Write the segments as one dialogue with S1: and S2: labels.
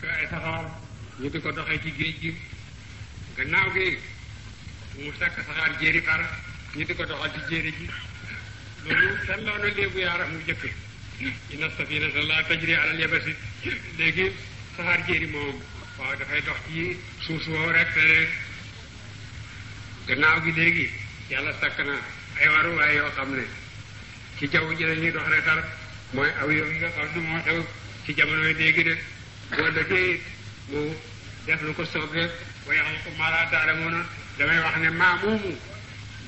S1: takk ay saxaar ñu di ko doxee ci géej gi gannaaw gi mu takk saxaar jéeri xar ñu ko doxal ci jéeri ji loolu na léebu yaara mu jëkk la tajri léegi saxaar jéeri moom waaw na ay waruwaay yoo xam ne ci jaww ji la ñuy dox mooy aw yow nga xam ne moo xew ci jamonoy léegi de boo dëggee mu def lu ko soob rek wa yaxluqu maa laa ta'lamuuna damay wax ne maa moomu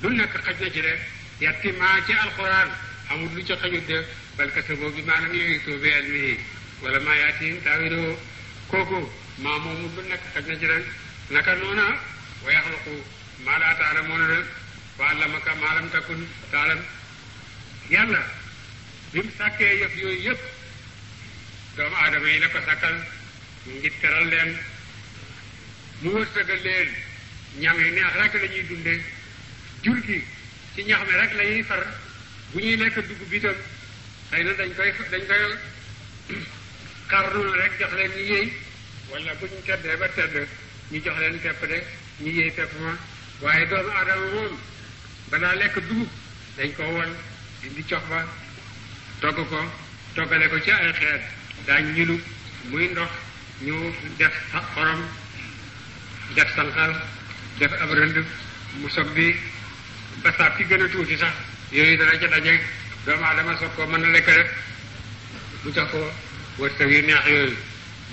S1: du nekk xaj na ci rek yatti maa ci alquran amul lu ci xajut de bal kataboo bi maa lam yuhiituu bi ilmihi wala maa yaatihim taawiiloo kooku maa moomu du nekk xaj na ci rek naka noona wa yaxluqu maa laa ta'lamuuna rek wa allamaka maa lam takun ta'lam yàlla bi mu sàkkee yëf yooyu yëpp doomu aadama yi la ko sàkkal mu ngi teral leen mu wërsëgal leen ñam neex rek la dunde jur gi ci ñax mi rek lañuy ñuy far bu ñuy lekk dugub bi tam xëy na dañ koy dañ koy rek jox leen ñu yéey wala bu ñu teddee ba tedd ñu jox leen pepp de ñu yéey pepp ma waaye doomu aadama moom balaa lekk dugub dañ ko won indi cox ba togg ko toggale ko ci ay xeet daañ ñilu muy ndox ñu def xorom def sanqal def ab rënd mu sob bi ba saab ci gën a tuuti sax yooyu dana ca daje doomu aadama soog koo mën a lekk rek mu jox ko wërsëg yu neex yooyu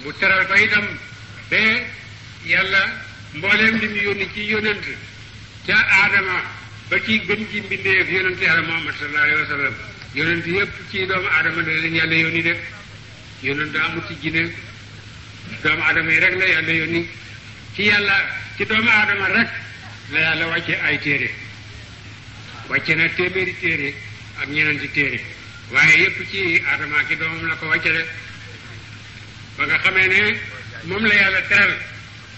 S1: mu teral ko itam te yàlla mbooleem li mu yónni ci yónent ca aadama ba ci gën ci mbindeef yónent yàlla Muhammad sallallahu alayhi wa sallam yónent yépp ci doomu aadama de yàlla yónni de yonent amut ci jinne doomu aadama yi rek la yàlla yónni ci yàlla ci doomu aadama rek la yàlla wàcce ay téere wàcce na téeméeri téere ak ñeneen ci téere waaye yépp ci aadama ki doomam la ko wàcce rek ba nga xamee ne moom la yàlla teral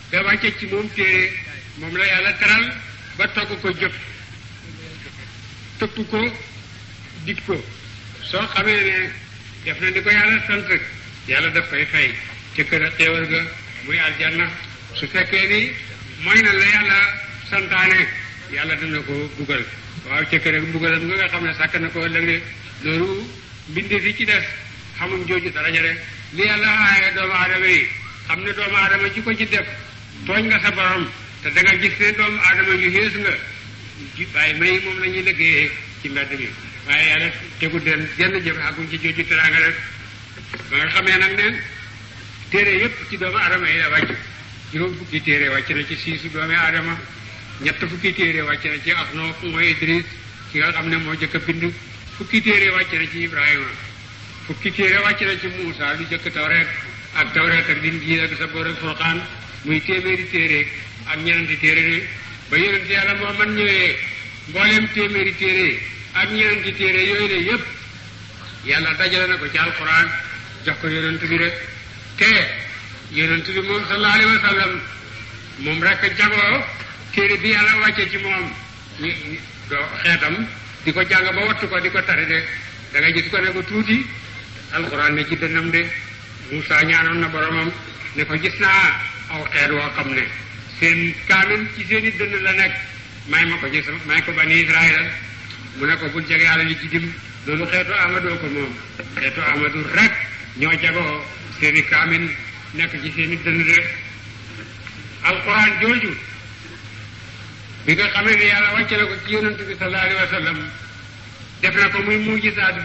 S1: te wàcce ci moom téere moom la yàlla teral ba togg ko jëf tëpp ko dit ko soo xamee ne def na di ko yàlla sant yàlla daf koy fay ci kër a xéewal ga muy na su fekkee ni mooy na la yàlla santaane yàlla dana ko bugal waaw ci kër ak bugalam nga nga xam ne sàkk na ko ëllëg de loolu mbinde fi ci des xamuñ jooju daraja de li yàlla aaye doomu aadama yi xam ne doomu aadama ji ko ci def tooñ nga sa borom te da nga gis ne doomu aadama ju xees nga ji may moom la ñuy liggéeyee ci mbedd mi waaye yàlla tegu den genn jëf àgguñ ci jooju teraanga rek ba nga xamee nag neen téere yépp ci doomu aadama yi la wàcc juróom fukki téere wàcc na ci siisu doomu fukki téere wàcc na ci Axnoof mooy Idris ki nga xam ne moo jëkk a bind fukki téere wàcc na ci Ibrahima fukki téere wàcc na ci Muusa ak tawreet ak muy téeméeri téere ak ñenenti téere ba yonent yàlla Muhammad ñëwee mbooleem téeméeri téere ak ñeenti téere yooyu ne yépp yàlla dajale na ko ci alquran jox ko yonent bi te yonent moom sallallahu alayhi wa sallam moom rek jagoo téere bi yàlla wàcce ci moom ñu xeetam di ko jàng ba wattu ko di ko tari de da gis ko ne ko tuuti alquran ne ci dënnam de Moussa ñaanoon na boromam ne ko gis naa aw xeet woo xam ne seen kaamil ci seen i dënn la nekk may ma ko gis may ko bani Israël mu ne ko bul jege yàlla li ci dim loolu xeetu amadoo ko moom xeetu amadu rek ñoo jagoo seen i kaamin nekk ci seen i dënd de alquran jooju bi nga xamee ne yàlla wàcce na ko ci yonent bi sallallahu alayhi wa sallam def na ko muy moo gën a yi bi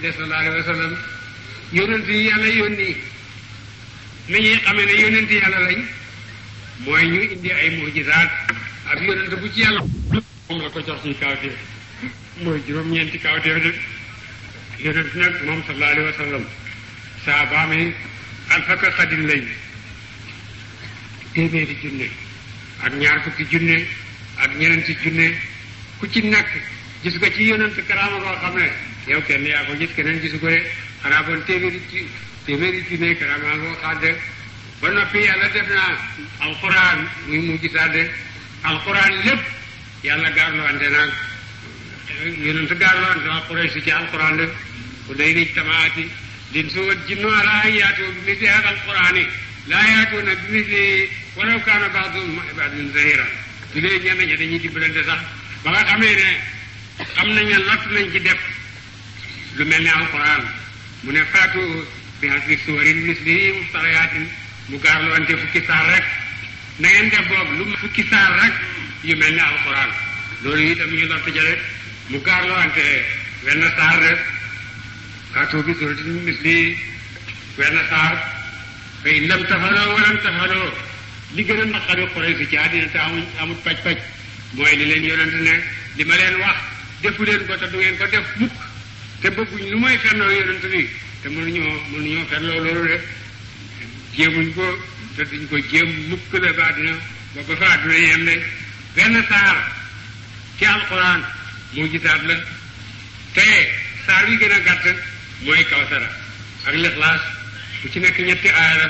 S1: de sallallahu alayhi wa sallam yonent yi yàlla yónni ni ñuy xamee ne yonent yàlla lañ mooy ñu indi ay mujisaat ak yonent bu ci yàlla moom la ko jox ci kawteef mooy juróom-ñeenti kawteef de yonent nag moom sallallahu wa sallam saa baami alfaka xadin lay téeméeri junne ak ñaar fukki junne ak ñeneenti junne ku ci nekk gis nga ci yonent karaama koo xam ne yow kenn yaa ko gis keneen gisu ko de xanaa bon téeméeri ci junne karaama koo xaar ba noppi yàlla def naa alxuraan muy mu gisaat de alquran lépp yàlla gaarloo ante naag yonent gaarloo ante naag Quraysh ci alquran lépp ku day nit tamaati din su wat jinnu ala ay yaatoo bi misli hada alqurani laa yaatoo na bi misli walaw kaana baaduhum baadin zahira ñi dañuy dimbalante sax ba nga xamee ne nañ ne lott nañ ci def lu mel ne alquran mu ne faatu bi hasbi suwarin mislihi muftariyatin mu gaarloo ante fukki saar rek na ngeen def boobu lu fukki saar rek yu mel ne alxuraan loolu itam ñu lott jële mu gaarloo ante wenn saar rek kaatoo bi suratin misli wenn saar fa in tafaloo walam tafaloo li gën a naqari xorey si ci àddina te amul amul paj-paj mooy li leen yonent ne li ma leen wax defu leen ko te du ngeen ko def mukk te bëgguñ lu mooy fennoo yonent bi te mënuñoo mënuñoo fennoo loolu de jéemuñ ko te duñ ko jéem mukk la ba àdduna ba ba fa àdduna yem ne benn saar ci alxuraan moo gisaat la te saar bi gën a gàtt mooy kawsara ak lixlaas bu ci nekk ñetti aaya la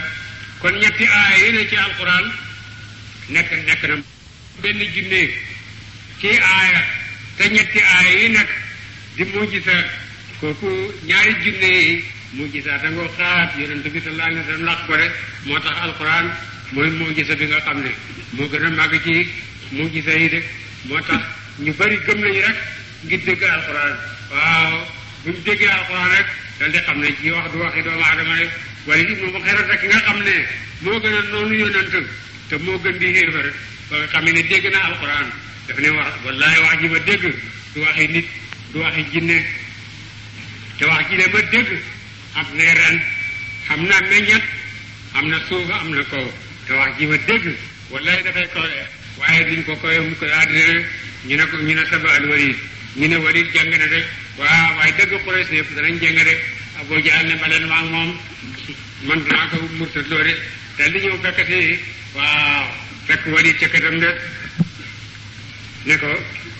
S1: kon ñetti aaya yi ne ci alxuraan nekk nekk na benn junne ci aaya te ñetti aaya yi nekk di mu gisa kooku ñaari junne yi mu gisaa da ngoo xaat yonent bi sallallahu alayhi wa moo tax alquran mooy moo gisa bi nga xam ne moo gën a màgg ci mu gisa yi de moo tax ñu bari gëm nañu rek ngir dégg alquran waaw buñ déggee alquran rek dal di xam ne ci wax du waxi doomu aadama rek waaye li moom xerat rek nga xam ne moo gën a noonu yonent te moo gën di xéefar ba nga xam ne dégg na alquran daf ne wax wallahi wax ji ma dégg du waxi nit du waxi jinne te wax ji ne ma dégg am na ren xam na meññet am na suuf am na kaw te wax ji ma dégg wallaay dafay kawee waaye duñ ko kawee koy àddina ñu ne ñu ne saba al walid ñu ne walid jàng na de waaw waaye dëgg Quraysh yëpp danañ jàng de Abu Jahl ne baleen maa ngi moom man danaa ko murtat de te ñëw fekk si waaw fekk walid ca de ne ko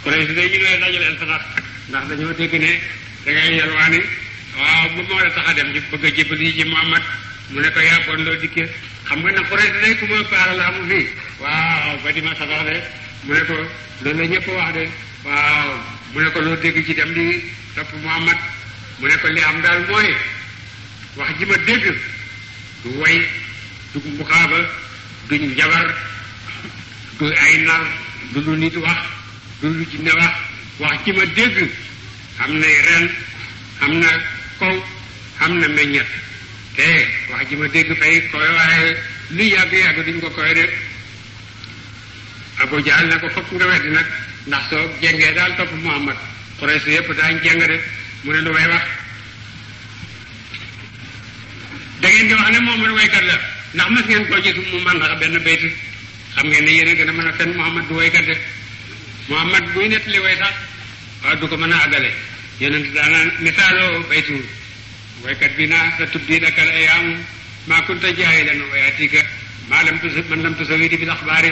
S1: Quraysh day ñu ne dajaleel sa ndax ndax dañoo dégg ne da ngay yalwaani waaw bu moo la tax a dem di bëgg a jébali ji Muhammad mu ne ko yaa bon loo dikkee xam nga na Quraysh day ku ma baara la amu fii waaw ba di ma sabar de mu ne ko loolu ñëpp wax de waaw mu dégg ci dem di topp Muhammad mu ne wax ji ma dégg du njabar du ay nar du lu nit wax du lu jinne wax wax ji ma dégg am nay ren am na faw am na meññet te wax ji ma dégg fay koy waaye lu yàgg yàgg duñ ko koy de Abu na ko fokk nga weddi nag ndax soo jengee daal topp Muhammad Quraysh yépp daañ jeng de mu ne lu may wax da di wax ne Muhammad waykat la ndax mas ngeen koo gis mu man ndax benn bayt xam ngeen ne yéen a gën a mën a fen Muhammad du waykat de Muhammad buy nettali way sax waaw du ko mën a àggale yonent daanaan misaaloo baytuur waykat bi naa sa tubbi laka al ayaamu maa kunta jaahilan wa yaatika maa lam tusa man lam tusawidi bil axbaari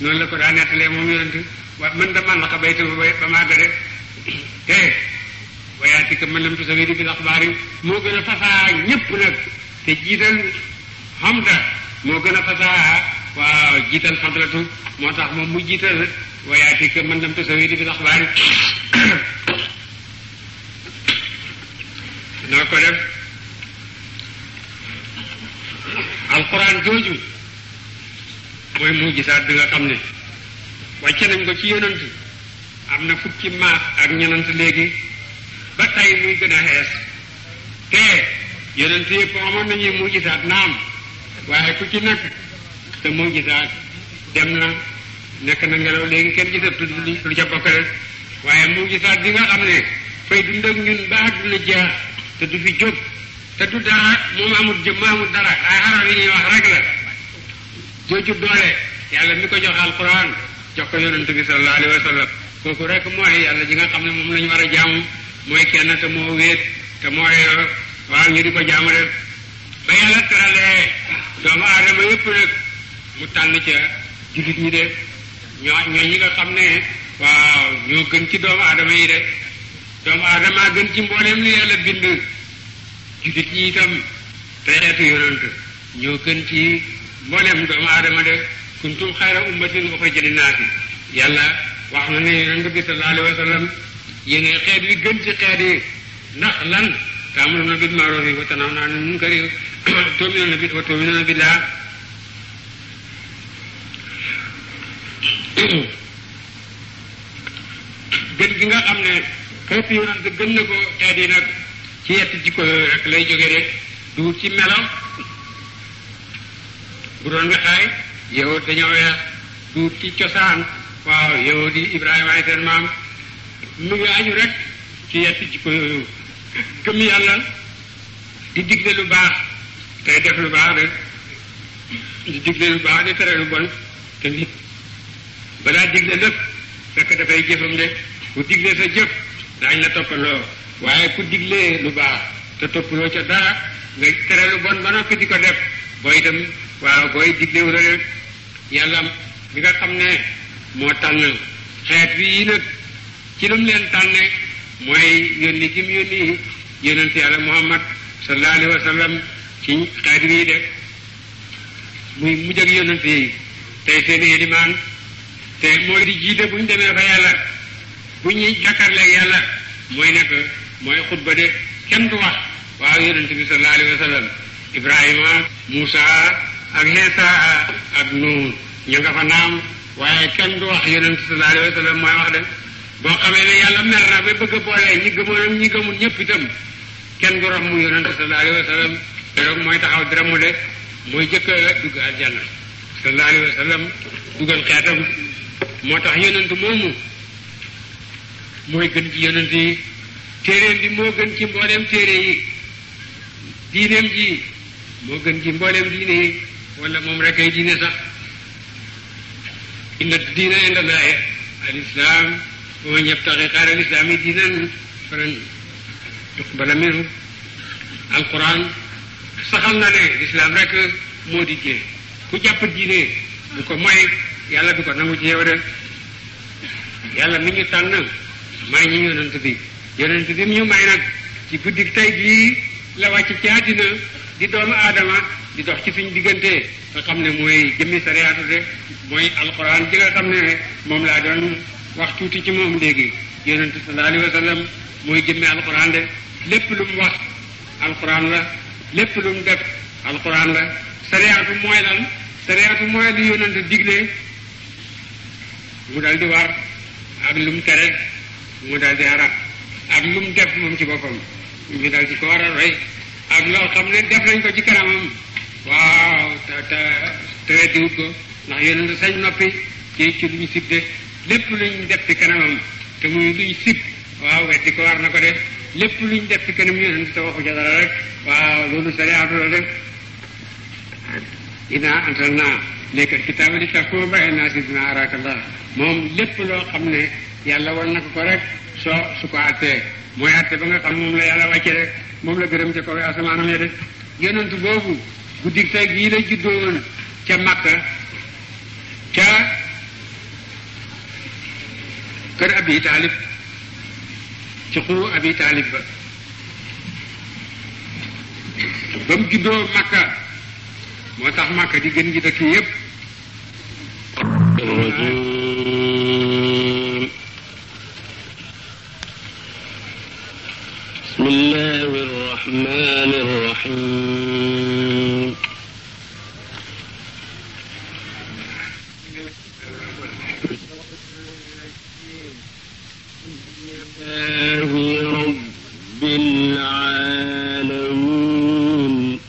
S1: noonu la ko daa nettalee moom yonent wa man da man laqa baytuur ba màgg de te wa yaatika man lam tusawidi bil axbaari moo gën a fasaa ñépp nag te jiital xamda moo gën a fasaa waaw jiital xamdatu moo tax moom mu jiital wa yaatika man lam tusawidi bil axbaari noo ko def alquran jooju mooy mujjisaat bi nga xam ne wàcce nañ ko ci yonant am na fukki maas ak ñenant léegi ba tey muy gën a xees te yonent yëpp amoon nañu mujjisaat naam waaye ku ci nekk te mujjisaat dem na nekk na ngelaw léegi kenn gisatul lu ca bokk rek waaye mujjisaat bi nga xam ne fay dund ak ñun ba àdduna jeex te du fi jóg te du dara moom amul jëm amul dara ay arab yi ñuy wax rek la jooju doole yàlla mi ko jox alquran jox ko yonent bi sallallahu ji nga xam moom lañu war a jaamu mooy kenn te moo wéet te mooy waaw ñu di ko jaamu rek ba yàlla tëralee doomu aadama yëpp rek mu tànn ca jullit ñi de ñoo ñoo ñi nga xam ne waaw ñoo gën ci doomu aadama yi de doomu aadama gën ci mbooleem li yàlla bind jullit ñi itam te xeetu ñoo gën ci mbooleem doomu aadama de kuntum xayra ummatin uxrijat linnaasi yàlla wa sallam yéene xeet wi gën ci xeet yi ndax lan taamuruna bil ma'rufi wa tanhawna anil munkari tu'minuna bi wa tu'minuna gën gi nga xam ne kooku yonent gëm na ko tey nag ci yett jikko yooyu rek lay jóge de du ci melo bu doon wexaay yow dañoo weex du ci cosaan waaw yow di Ibrahima ay seen maam mu ngi aju rek ci yett jikko yooyu gëm yàlla di digle lu baax tey def lu baax rek di digle lu baax di tere lu bon te nit balaa digle lépp fekk dafay jëfam de bu digle sa jëf daañ la toppaloo waaye ku diglee lu baax te toppaloo ca daa nga tere lu bon ba noppi di ko def booy dem waaw booy diglewu la rek yàlla mi nga xam ne moo tànn xeet bi yi nag ci lu mu leen tànne mooy yónni gi mu yónni yonent yàlla muhammad sallallahu alayhi ci xeet bi def muy mujj ak yonent yi tey seen i limaan te mooy di jiite bu ñu demee fa yàlla bu ñuy jàkkaarleeg yàlla mooy nekk mooy xutba de kenn du wax waaw yonente bi sallallahu alayhi wa ibrahima moussa ak Iisa ak Nuun ñu nga fa naam waaye kenn du wax yonente sallallahu alayhi wa sallam mooy wax de boo a ñëpp itam kenn du rax mooy taxaw diramu de mooy jëkk a dugg aljanna sallallahu alayhi wa sallam dugal xeetam moo tax yonent moomu mooy gën ci yonent yi téeréem bi moo gën ci mbooleem téere yi diineem ji moo gën ci mbooleem diine yi wala moom rek ay diine sax inna diina inda laahi al islam wa man yabtaxi xaara al islaami diinan falan yuqbala minhu alquran saxal na ne lislaam rek moo di diine ku jàpp diine bu ko moy yàlla du ko nangu ci yow yàlla mi ñu tànn may ñu yonent bi yonent bi mu ñu may nag ci guddik tey jii la wàcc ci àddina di doomu aadama di dox ci suñ diggante nga xam ne mooy jëmmi sariyaatu de mooy alxuraan ji nga xam ne moom laa doon wax tuuti ci moom léegi yonent sallallahu alayhi wa mooy jëmmi alxuraan de lépp lu mu wax alxuraan la lépp lu mu def la sariyaatu mooy lan sariyaatu mooy li yonent digle mu dal war ak lu mu mu daal di arab ak lu def moom ci boppam ñu daal di ko war a roy ak loo xam ne def nañ ko ci kanamam waaw te te te diwut ko ndax yonent sañ noppi ci ci lu ñu sib de lépp luñ def ci kanamam te muy luñ sib ko war na ko def lépp luñ def ci kanam yonent te waxu ca rek waaw loolu sariyaatu la def inaa antal naa léegi kitaaba li koo bàyyi naa si dina arakallah moom lépp loo xam ne yàlla war na ko ko rek soo su ko àttee mooy àtte ba nga xam moom la yàlla wàcce rek moom la gërëm ca kaw asamaanam ya de yonentu boobu guddik tey gii la juddoo woon ca Makka ca kër Abi Taalib ci xuru Abi Taalib ba ba mu juddoo Makka moo tax Makka di gën gi dëkk yépp
S2: بسم الله الرحمن الرحيم الله رب العالمين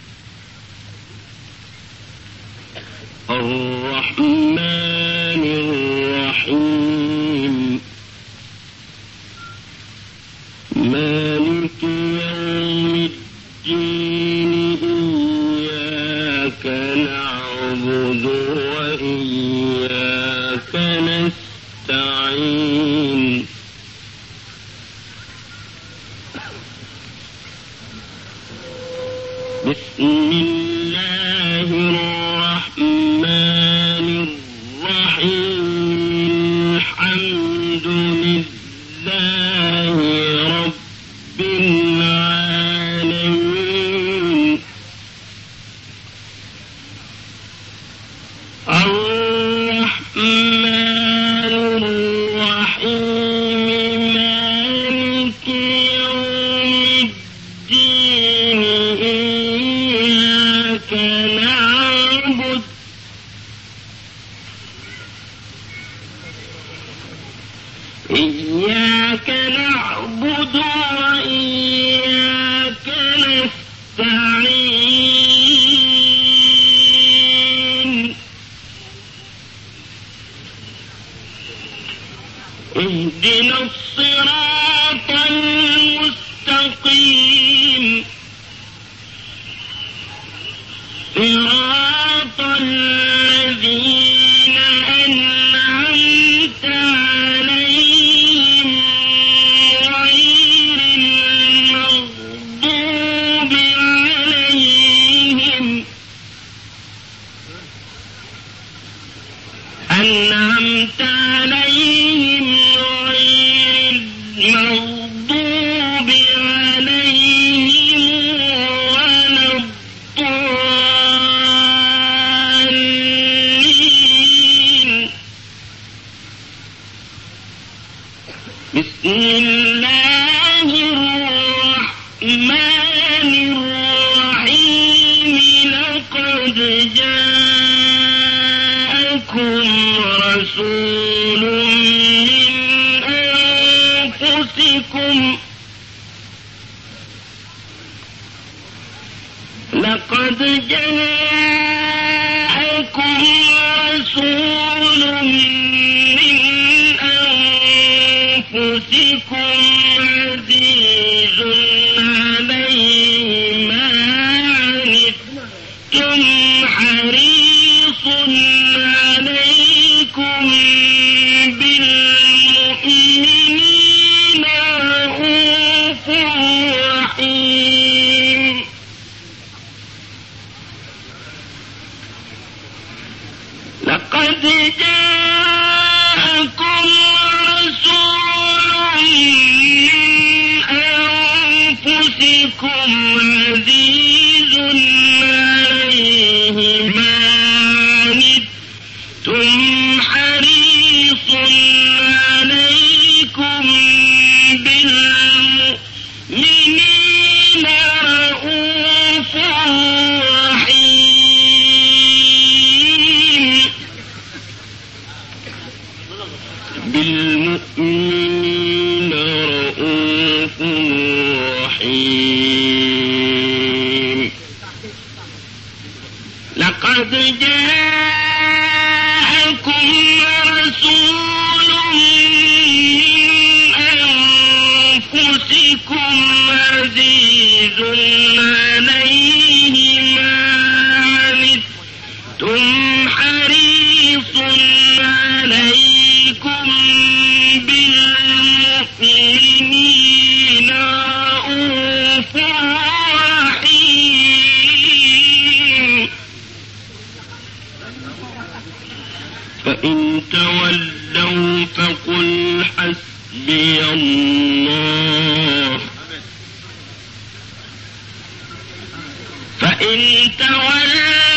S2: الرحمن الرحيم مالك نعبد وإياك نستعين بسم الله الرحمن الرحيم الحمد لله لقد جاء وإن تولوا فقل حسبي الله فإن تولوا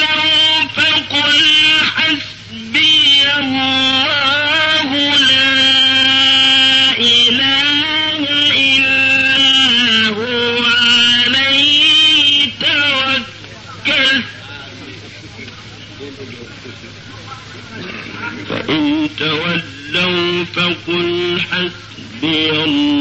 S2: بهم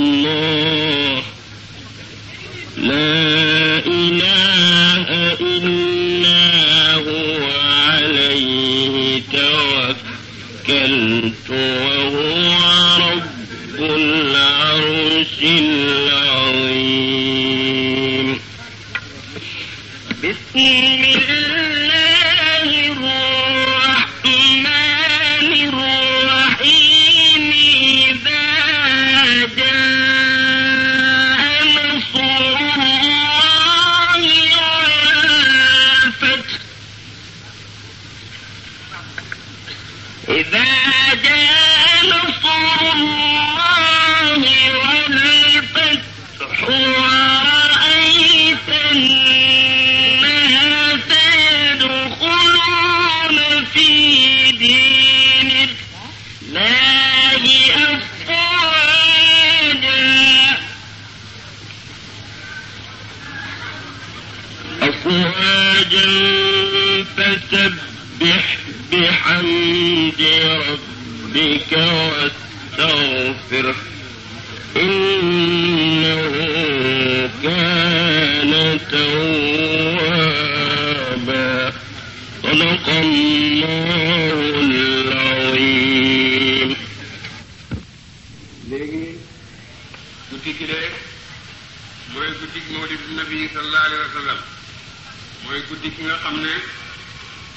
S1: guddi gi nga xam ne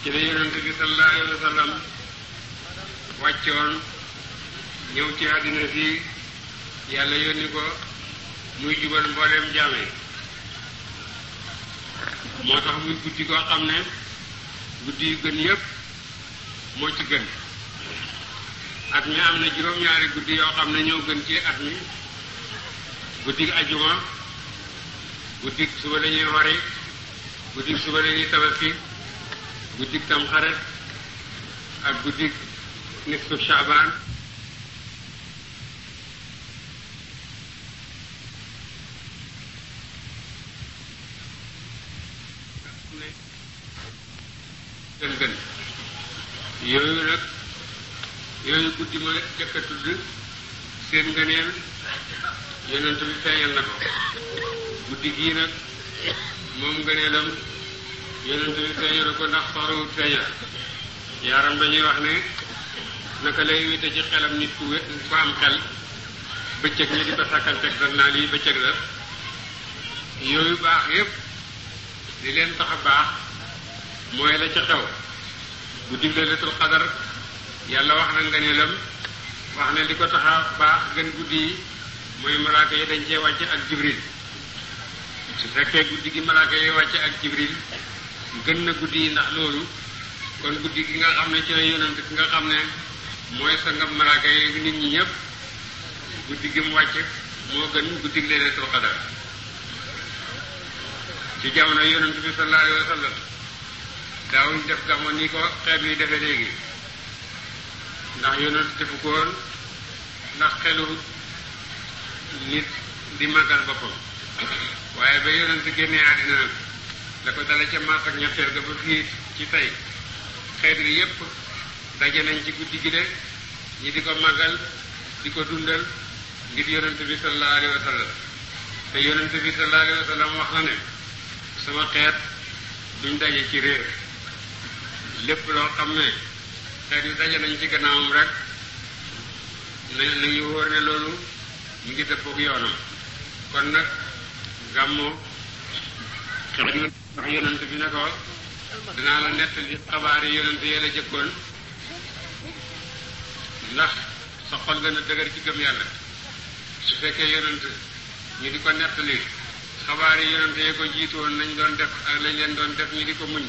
S1: ci la yonent bi sallallahu alayhi wa wàccoon ñëw ci àddina si yàlla yónni ko muy jubal mbooleem jaame moo tax muy guddi koo xam ne guddi yu gën yépp moo ci gën at mi am ne juróom-ñaari guddi yoo xam ne ñoo gën ci at mi guddi ajuma guddi suba la ñuy wari guddik suba la ñuy tabaski guddik tamxarit ak guddik nisfu shaabaan yooyu nag yooyu guddi ma jëkk a tudd seen ngëneel yonent bi feeñal na ko guddi gii nag moom gëneelam yonent bi feeñu na ko ndax soxlawut feeñal yaaram dañuy wax ne naka lay wéete ci xelam nit ku ku am xel bëccëg ñi di ko sàkkanteg dan naa lii bëccëg la yooyu baax yépp li leen tax a baax mooy la ca xew bu digle letul xadar yàlla wax na ngëneelam wax ne li ko tax a baax gën guddi yi mooy malaaka yi dañ cee wàcc ak jibril su fekkee guddi gi malaaka wàcce ak jibril gën na guddi ndax loolu kon guddi gi nga xam ne ci la yonent ki nga xam ne mooy sangam malaaka yi nit ñi ñëpp guddi gi mu wàcce moo gën guddi gi laylatul qadar ci jamono yonent bi sallallahu alayhi wa daawuñ def gàmmu ni ko xeet defee léegi ndax yonent ko ndax xelu nit di màggal boppam waaye ba yonent génnee àddina nag la ko dale ca mars ak ñetteel ba fii ci tey xeet yi yépp daje nañ ci guddi gi de ñi di ko màggal di ko dundal ngir yonent bi sallallahu alayhi wa sallam te yonent bi sallallahu alayhi wax na ne sama xeet duñ daje ci réer lépp loo xam ne xeet yu daje nañ ci gannaawam rek na nañu wóor ne loolu ñu ngi dëppook yoonam kon nag gàmmoo wax yonent bi ne ko dinaa la nettali xabaar yi yonent yee la jëkkoon ndax sa xol gën a dëgër ci gëm yàlla su fekkee yonent ñu di ko nettali xabaar yi yonent yee ko jiitu woon nañ doon def ak lañ leen doon def ñu di ko muñ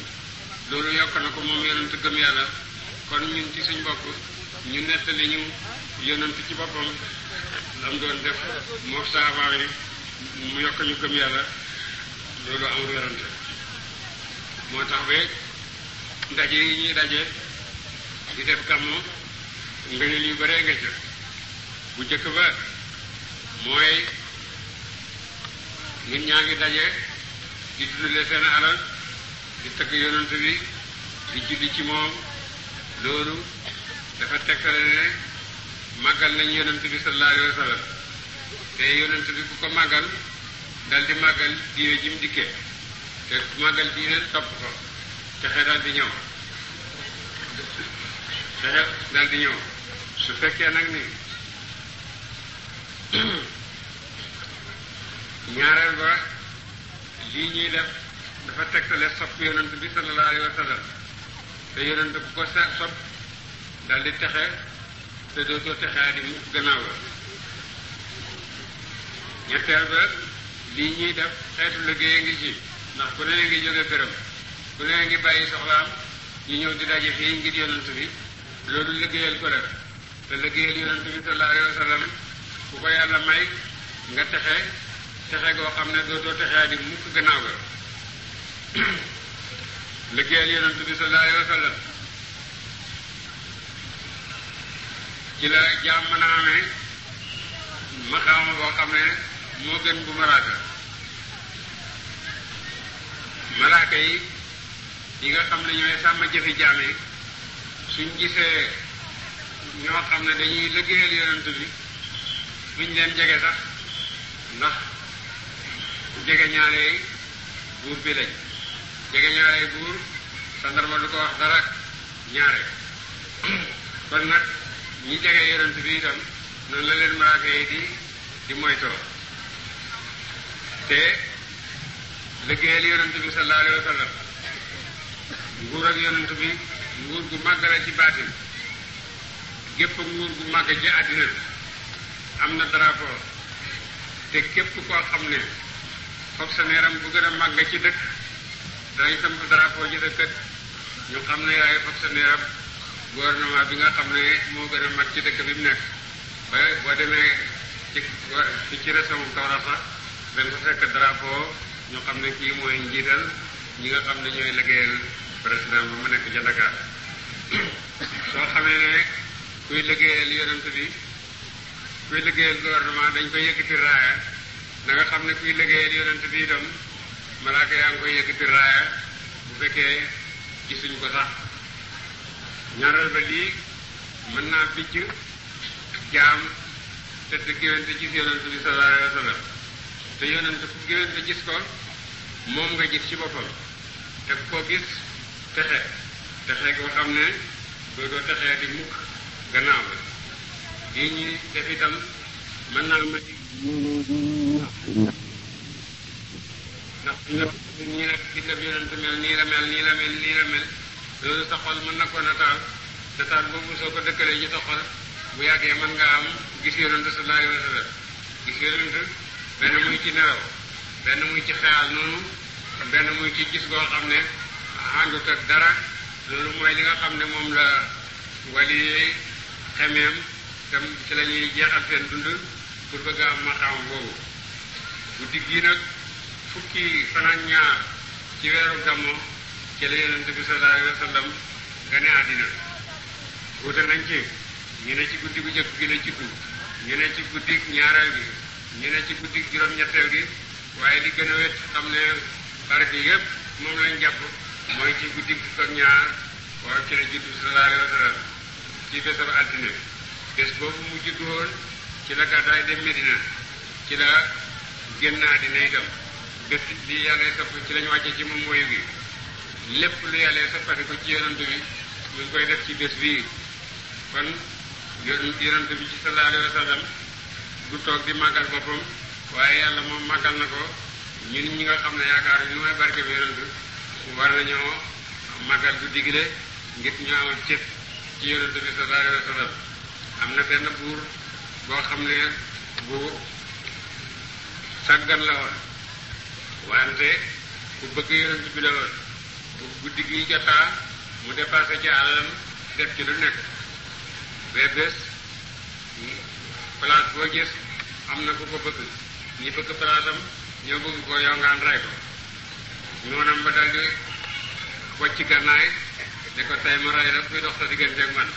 S1: loolu yokk na ko moom yonent gëm yàlla kon ñun ci suñ bopp ñu nettali ñu yonent ci boppam lam doon def moom saabaam yi mu yokk ñu gëm yàlla loolu amul werante moo tax ba ndaje yi ñuy daje di def gàmmu ngëneel yu bare nga bu jëkk ba mooy nit ñaa ngi daje di dundale seen alal di tëgg yonent bi di julli ci moom loolu dafa tegtale ne màggal nañu yonent bi sallallahu alayhi wa sallam te yonent bi ku ko màggal dal di màggal diine jim dikkee te màggal diine topp ko texe dal di ñëw texe dal di ñëw su fekkee nag ni ñaareel ba lii ñuy def dafa tegtale sopp yonent bi sallallahu alayhi wa sallam te yonent bu ko sopp dal di texe te dootoo texee di mukk gannaaw la ñetteel ba lii ñuy def xeetu liggéey ngi ci ndax ku ne ngi jóge béréb ku ne ngi bàyyi soxlaam ñu ñëw di daje fii ngir yonent bi loolu liggéeyal ko def te liggéeyal yonent bi sallallahu alayhi la amee maxaama boo xam ne moo gën bu malaaka malaaka yi yi nga xam ne ñooy sàmm jëfi jaam suñ gisee ñoo xam ne dañuy liggéeyal yonent bi buñ leen jege sax ndax jege ñaarey buur bi lañ jege ñaarey buur sandarma du ko wax dara ñaare kon nag ñi jege yonent bi itam noonu la leen malaaka yi di di moytoo te liggéeyal yonent bi sallallahu alayhi wa sallam nguur ak yonent bi nguur gu màgg la ci baatin gépp nguur gu màgg ci àddina am na drapeau te képp koo xam ne fonctionnaire am bu gën a màgg ci dëkk danañ samp drapeau ji dëkkat ñu xam ne yaay fonctionnaire am gouvernement bi nga xam ne moo gën a mag ci dëkk bi mu nekk ba boo demee ci ci région Kaolack sax dañ ko fekk drapeau ñu xam ne kii mooy njiital ñi nga xam ne ñooy liggéeyal président ba mu nekk ca Dakar soo xamee ne kuy liggéeyal yonent bi kuy liggéeyal gouvernement dañ koy yëkkati raaya da nga xam ne kuy liggéeyal yonent bi itam malaaka yaa ngi koy yëkkati raaya bu fekkee gisuñ ko sax ñaareel ba lii mën naa bicc jaam te dëggante gis yonent bi sallallahu alayhi wa sallam te yonent ku gën a gis ko moom nga gis ci boppam te koo gis texe texe koo xam ne doo doo texee di mukk gannaaw la yi ñuy def itam mën naa ma ndax ñëpp ñi nag di def yonent mel nii la mel nii la mel nii la mel loolu sa xol mën na ko nataal nataal boobu soo ko dëkkalee ci sa xol bu yàggee mën nga am gis yonent sallallahu alayhi wa sallam gis yonent benn muy ci nelaw benn muy ci xeyal noonu benn muy ci gis goo xam ne àndut dara loolu mooy li nga xam ne moom la wali xemeem tam ci lañuy ñuy jeexal seen dund pour bëgg am maqaam boobu guddi gii nag fukki fan ak ñaar ci weeru gammo ci la yonente bi sallallahu alayhi wa sallam gane àddina wuute nañ ci ñu ne ci guddi gu jëkk gi la juddu ñu ne ci guddi ñaareel gi ni ne ci guddi juróom-ñetteel gi waaye li gën a wet xam ne barke yëpp moom lañ jàpp mooy ci guddi fukk ñaar waaw ci juddu sallallahu alayhi wa sallam ci bésab altine bés boobu mu juddu woon ci la gàddaay dem Medina ci la génn àddina itam bés bi yàlla ci lañu wàcce ci moom mooyu gi lépp lu yàlla soppati ko ci yonant bi ñu ngi koy def ci bés bii kon yonant bi ci sallallahu alayhi wa sallam du toog di màggal boppam waaye yàlla moom màggal na ko ñun ñi nga xam ne yaakaar yi lu may barke bi yonent war nañoo màggal du digle ngir ñu amal cëf ci yonent bi sallallahu alayhi wa sallam am na benn buur boo xam ne bu sàggan la woon wante bu bëgg yonent bi la woon bu guddi gi jotaa mu dépassé ci alalam def ci lu nekk bee bés place boo gis am na ku ko bëgg ñi bëgg place am ñoo bëgg ko yow nga am ko noonam ba dal di wàcc gannaay ne ko tey ma rey dox sa diggante ak man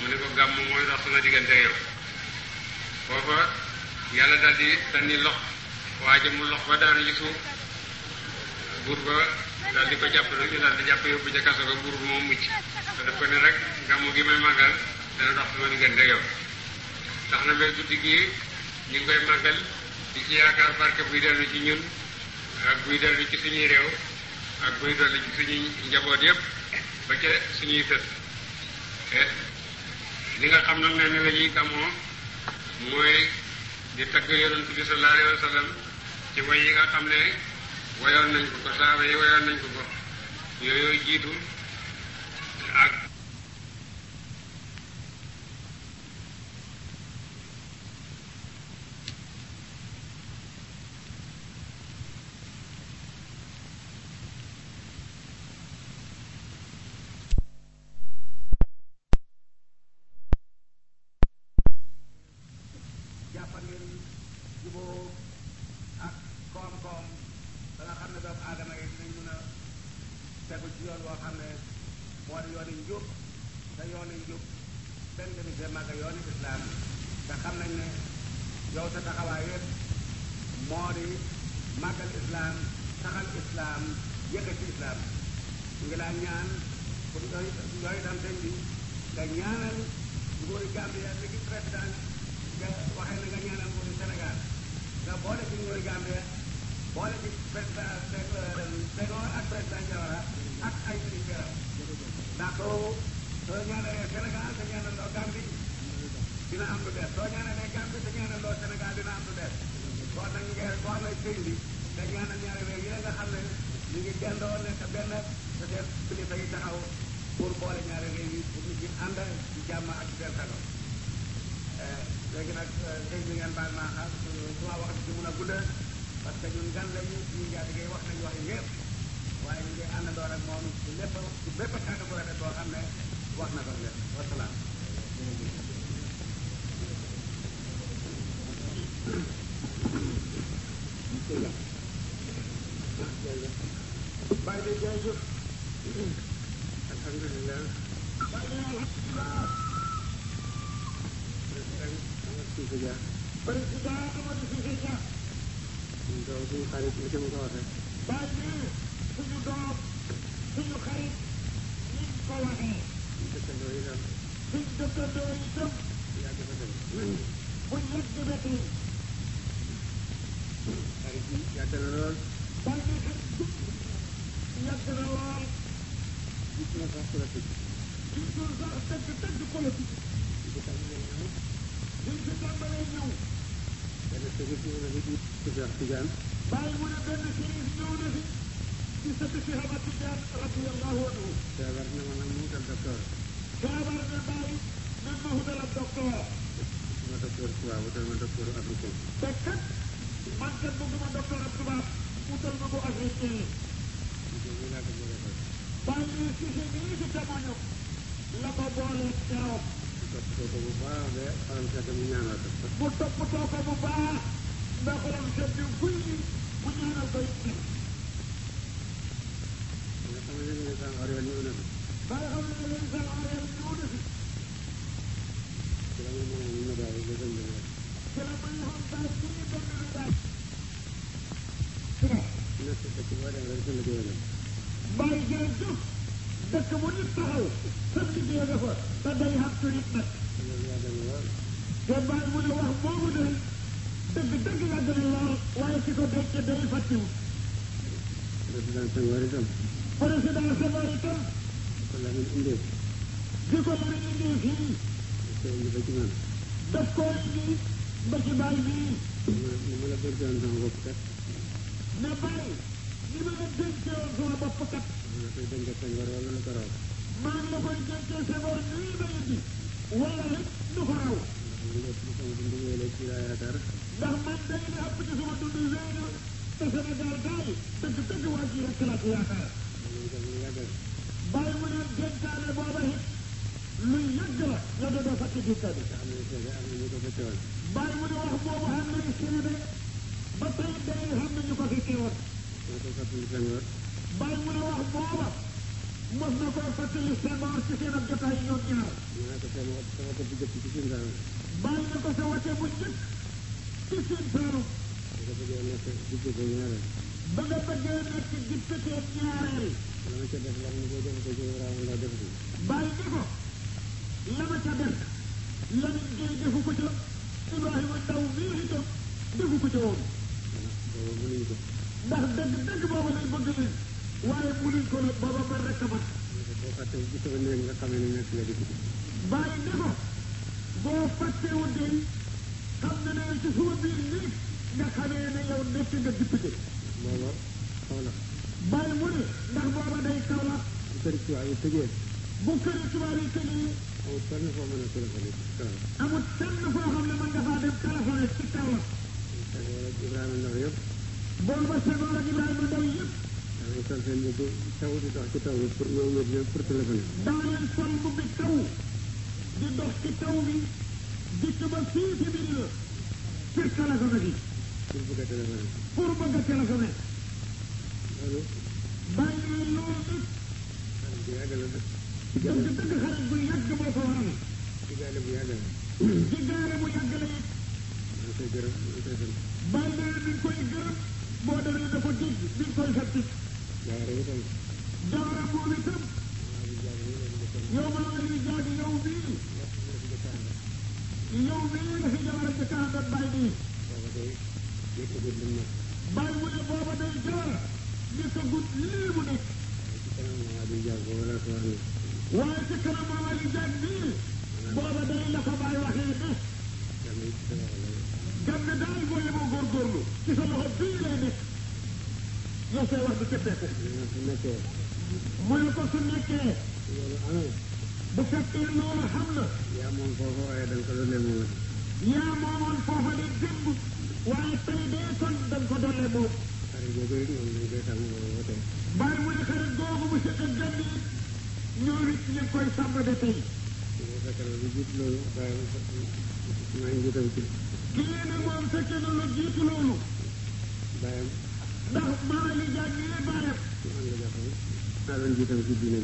S1: mu ne ko gàmm mooy dox sama diggante yow foofa yàlla dal di sànni lox waa ji mu lox ba daanu ci suuf buur ba dal di ko jàpp nag ñu dal di jàpp yóbbu ca kaso ba buur ba moo mucc te daf ko ne rek gàmm gi may màggal dana dox sama diggante yow tax na ba guddi gi ñu ngi koy màggal di ci yaakaar barke buy dellu ci ñun ak buy dellu ci suñuy réew ak buy dellu ci suñuy njaboot yépp ba ca suñuy sët eh, li nga xam nag ne ne la ñuy gàmmoo mooy di tagg yonent bi sallallahu alayhi wa sallam ci way yi nga xam ne
S3: wayoon nañ ko ko saaba yi wayoon
S1: nañ ko ko yooyu jiitu ak
S3: yoon woo xam ne moo di yooni njub te yooni njub benn bi see màgg yooni islaam te xam nañ ne yow sa taxawaay yëpp moo di màggal islaam saxal islaam yëkkati islaam ngi laa ñaan yooyu yooyu tam sëñ nga ñaanal nguuru Gambia léegi président nga waxee na nga ñaanal nguuru Sénégal nga boole ci nguuru Gambia boole ci président ay militaires soo soo ñaanalee Sénégal te ñaanaloo Gambie dina am lu des soo ñaanalee Gambie te ñaanaloo Sénégal dina am lu des kon nag ngeen boo amee sëñ ñu ngi dendoo nekk benn peut-être kilifa yi taxaw pour boole ñaari réew yi pour ñu ci ànd ci jàmm ak ci léegi nag su ma wax ci mun a gudd parce que ñun gan lañu ñu ngi wax nañu wax yëpp. waaye ñu ngi àndandoo rek moom ci lépp ci bépp tànk bu rafet boo xam ne wax na ko lépp wasalaam.
S1: bàyyi de jaajëf. alhamdulilah.
S4: président
S1: Amadou Cissé Dia.
S4: président Amadou Cissé Dia. suñu doom suñu xarit niñ ko waxee.
S1: suñu dëkkandoo yi tam. suñu dëkkandoo yi tam. yàgg ba tey.
S4: bu yàgg ba tey.
S1: xarit yi yàgg na lool. bàyyi xarit yàgg na lool. gisuma sax ku la tëj.
S4: gisuma sax tëj tëj ku la tëj. di tàmbalee ñëw. di tàmbalee ñëw.
S1: benn sëriñ ñëw na fi di Cheikh Tidiane.
S4: bàyyi mu ne benn sëriñ ñëw na fi. ci sa si Abu Sufyaan radiyallahu anhu.
S1: feebar na ma nag mu wutal docteur.
S4: feebar na baay nag ma wutal ab docteur.
S1: ma docteur tubaab wutal ma docteur africain.
S4: te kat man kat bëgguma docteur ab tubaab wutal ma ko africain. baay ñu si si nii si jamono la ko boole keroog.
S1: toppatoo ko bu baax de xolam sedd mu ñaanal ko. mu
S4: toppatoo ko bu baax ndax xolam sedd guy bu ñaanal ko it.
S1: war yoon ñëw na fi
S4: ba nga xam ne ñun sa war yoon ñëw na fi
S1: ci la ñu mën a daal ba gën leen ci
S4: la may xam daal ci ñu bëgg na daal
S1: nekk dëkk boo dem rek sënd jëwe dem
S4: bàyyi jërëjëf dëkk bu nit taxaw sënd jëwe nga fa te day xam su nit nag te baat mu ne wax boobu de dëgg dëgg yàgg na lool waaye ki ko dégg day fàttiwu président Senghor itam.
S1: di ko Lamine indee.
S4: di ko Lamine indee
S1: fii. daf
S4: koy indi ba ci man. daf koy indi ba ci baay bii.
S1: li ma la dénkoon sama bopp kat.
S4: ne bàyyi. li ma la dénkoon sama bopp kat. maa ngi koy dénkee Senghor wala lu ko raw.
S1: maa ngi la koy dénkee Senghor nii ba indi. wala rek lu ko raw.
S4: ndax man day na ëpp ci sama dund wéeru te Sénégal daal dëgg dëgg waa ji rek la ci yaakaar. bàyyi mu ne dénkaane booba it lu yàgg la la doon fàtte dénkaane. bàyyi mu ne wax boobu xam nañu seen de ba tey day xam nañu ko fi teewoon. bàyyi mu ne wax booba mos na koo fàttali Senghor ci seen ak jotaay ñoom ñaar. bàyyi na ko sa wate bu njëkk ci seen peeru. bëgg a bëggee nekk di pëteet ñaareel. la ma ca def la mu ko def ko ci Ibrahima def bi. bàyyi ni ko la ma ca def la mu jëy defu ko ca Ibrahima ndaw mii itam defu ko ca woon. boobu ndax dëgg dëgg boobu lañ bëgg leen waaye mënuñ ko nag booba man rek a mat.
S1: nga ne nekk nga di dugg.
S4: bàyyi ni ko boo fàttee wu xam na ne ci suma biir néeg nga xamee ne yow nekk nga député.
S1: booba kaw la.
S4: bàyyi mu ne ndax booba day kaw la.
S1: bu kër tubaab yi tëjee.
S4: bu kër tubaab yi tëjee.
S1: amul fenn foo mën a téléphoné ci kaw la.
S4: amul fenn foo xam ne mën nga faa dem téléphoné ci kaw la.
S1: Senghor ak Ibrahima Ndaw yëpp. booba
S4: Senghor ak Ibrahima Ndaw yëpp. daa leen sol seen mbubb taw di dox ci bi taw di dox ci taw bi di ba fii ci biir la ci téléphone bi.
S1: pour bëgg a téléphoné.
S4: pour bëgg a téléphoné. allo. bàyyi na loolu bu yàgg la nag. digaale dëgg dëgg bu yàgg moo ko waral. digaale bu bu yàgg la it. maa ngi koy gërëm maa ngi koy gërëm. bàyyi na leen di koy gërëm. boo demee dafa dégg di koy fàtti.
S1: jaara itam. jaara boobu itam.
S4: yow ma laa ñuy jaag yow bii. yow bii nga fi jaara jëkkaandoo bàyyi nii.
S1: gisagut li mu nekk.
S4: bàyyi mu ne booba day jaar gisagut lii mu nekk. waaye ci kanam moom Aliou Diagne bii.
S1: booba day la ko
S4: bàyyi waxee ne. gam ne daal boo yemoo góorgóorlu. ci sa loxo bii lay nekk. yow say wax du tëbbeeku. mu ne ko su nekkee.
S1: bu fekkee loolu xam na. yaa moom foofa waaye da nga ko doon leen moom.
S4: yaa moomoon foofa de démb. waaye fële dee kon da nga ko doole moom.
S1: xarit boobu it moom dañ koy sàmm moom ba tey.
S4: bàyyi mu ne xarit googu bu sëq ak gan yi ñoom ñu koy sàmm ba
S1: tey. bu fekkee lu jiitu na
S4: lu jiitu loolu. bàyyam. ndax maa ngi jaag ñu ne bàyyam.
S1: maa ngi jàppoon. ci diine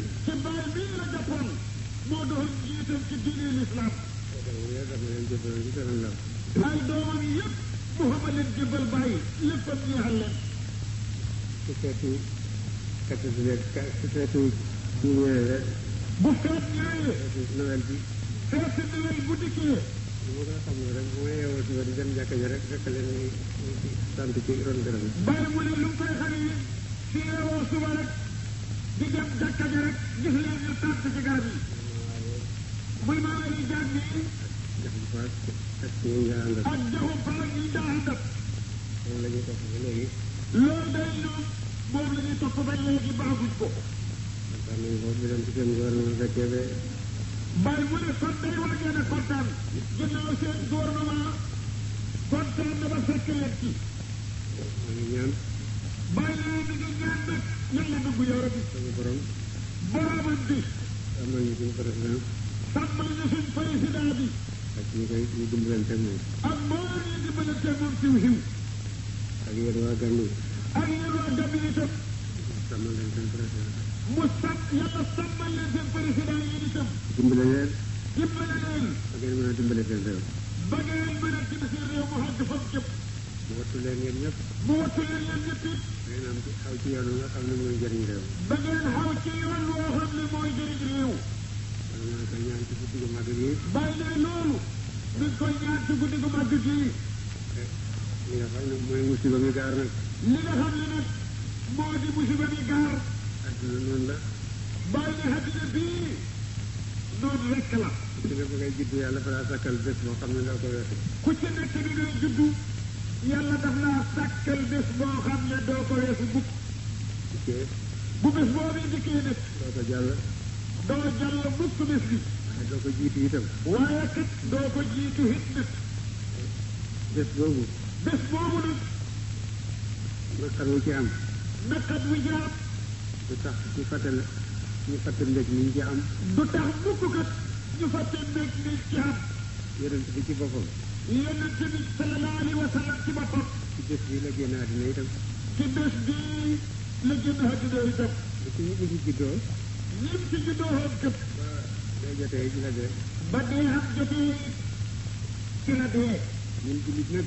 S4: la jàppoon moo doon jiital ci diine Muhammadin jëbbal bàyyi léppam ñeexal leen
S1: su feetu quatorze su feetu ñëwee rek bu feet ñëwee Noël bi feetu Noël bu dikkee mu nga xam ne rek bu yeewoo si di dem jàkka ji rek fekk leen ñuy sant mu si
S4: yeewoo suba rek di dem jàkka ji dafa ak ñi daan def. ak dafa ak ñi daan def.
S1: loolu la ñuy topp ba léegi. loolu
S4: day ñëw boobu la ñuy topp ba léegi baaxuñ ko.
S1: kontaan nañu boobu ñu dem ci seen gouvernement fekkee ba.
S4: bàyyi mu ne kon day war ngeen a kontaan. ginnaaw seen gouvernement kontaan na ba fekk leen ci. ñu ñaan. bàyyi leen di nga ñaan nag ñan la dugg yow rek. sama borom. boromam bi.
S1: am nañu suñu président. sàmmal
S4: ñu suñu président bi.
S1: ak ñu koy ñu dimbalanteeg moom.
S4: ak mbooloo ñuy dimbalanteeg moom si wu
S1: ak yéen waa Gambie.
S4: ak yéen waa Gambie itam.
S1: sàmmal leen seen président.
S4: mu sàmm yàlla sàmmal leen seen président yéen itam. dimbale leen. dimbale
S1: leen. ba ngeen mën a dimbale seen réew.
S4: ba ngeen mën a dimbale seen réew mu xàgg fa mu jëm.
S1: mu wattu leen yéen ñëpp. mu wattu leen yéen ñëpp it. ngeen am xaw ci yoon nga xam ne mooy jëriñ réew. ba
S4: ngeen xaw ci yoon woo xam ne mooy jëriñ réew. bàyyi loolu. dañ koy ñaan ci guddi gu màgg gi.
S1: li nga xam ne mooy musiba mi gaar nag.
S4: li nga xam ne nag moo di musiba mi gaar.
S1: adduna noonu la.
S4: bàyyi ne adduna bii noonu rek la.
S1: ku ci nekk ngay juddu yàlla fa laa sàkkal bés boo xam ne doo ko weesu.
S4: ku ci bés boo xam ne doo ko doo ko jàll. doo jàll mukk bés
S1: bi. waaye doo ko jiitu itam. waaye kat doo ko jiitu it nag. bés boobu.
S4: bés boobu nag.
S1: naqar wu ci am.
S4: naqar wu ci am.
S1: du tax ñu fàttali ñu fàttali mbég mi ñu ci am. du tax ci am. yonent ci boppam.
S4: yonent bi sallallahu alayhi ci boppam.
S1: ci bés bi la génn àddina itam. ci bés bi la génn àddina itam. ci ñi ci juddoo.
S4: lim ci juddoo woon gëpp.
S1: ba jotee ci la dee. ba dee am jotee ci la dee. ñun jullit nag.